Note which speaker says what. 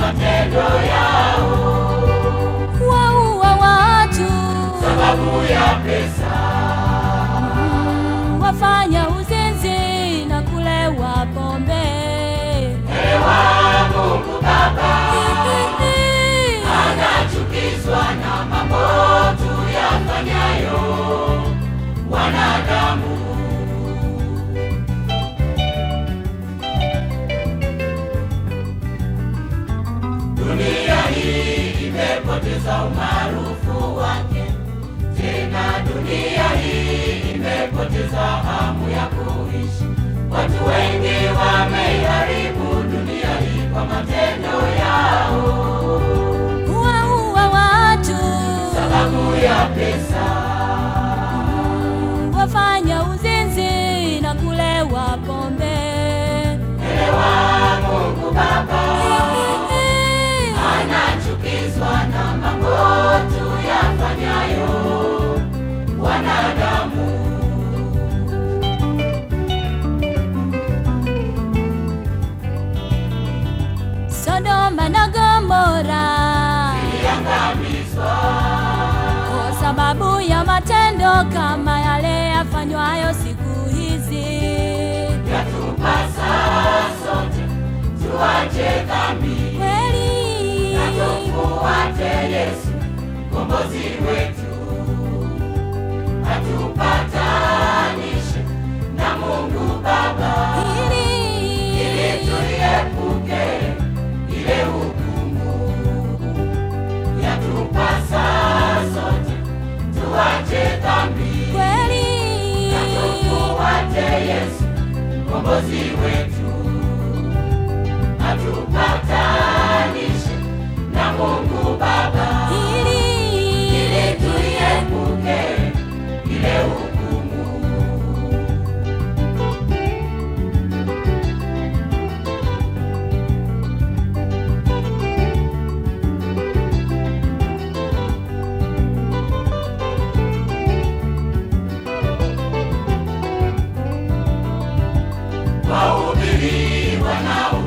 Speaker 1: matendo yao
Speaker 2: dunia hii imepoteza hamu ya kuishi.
Speaker 1: kama yale yafanywayo siku hizi. Yatupasa
Speaker 2: sote tuache dhambi, kweli na tufuate Yesu Mkombozi wetu, atupatanishe na Mungu Baba. Yesu Mwokozi wetu Heri wanao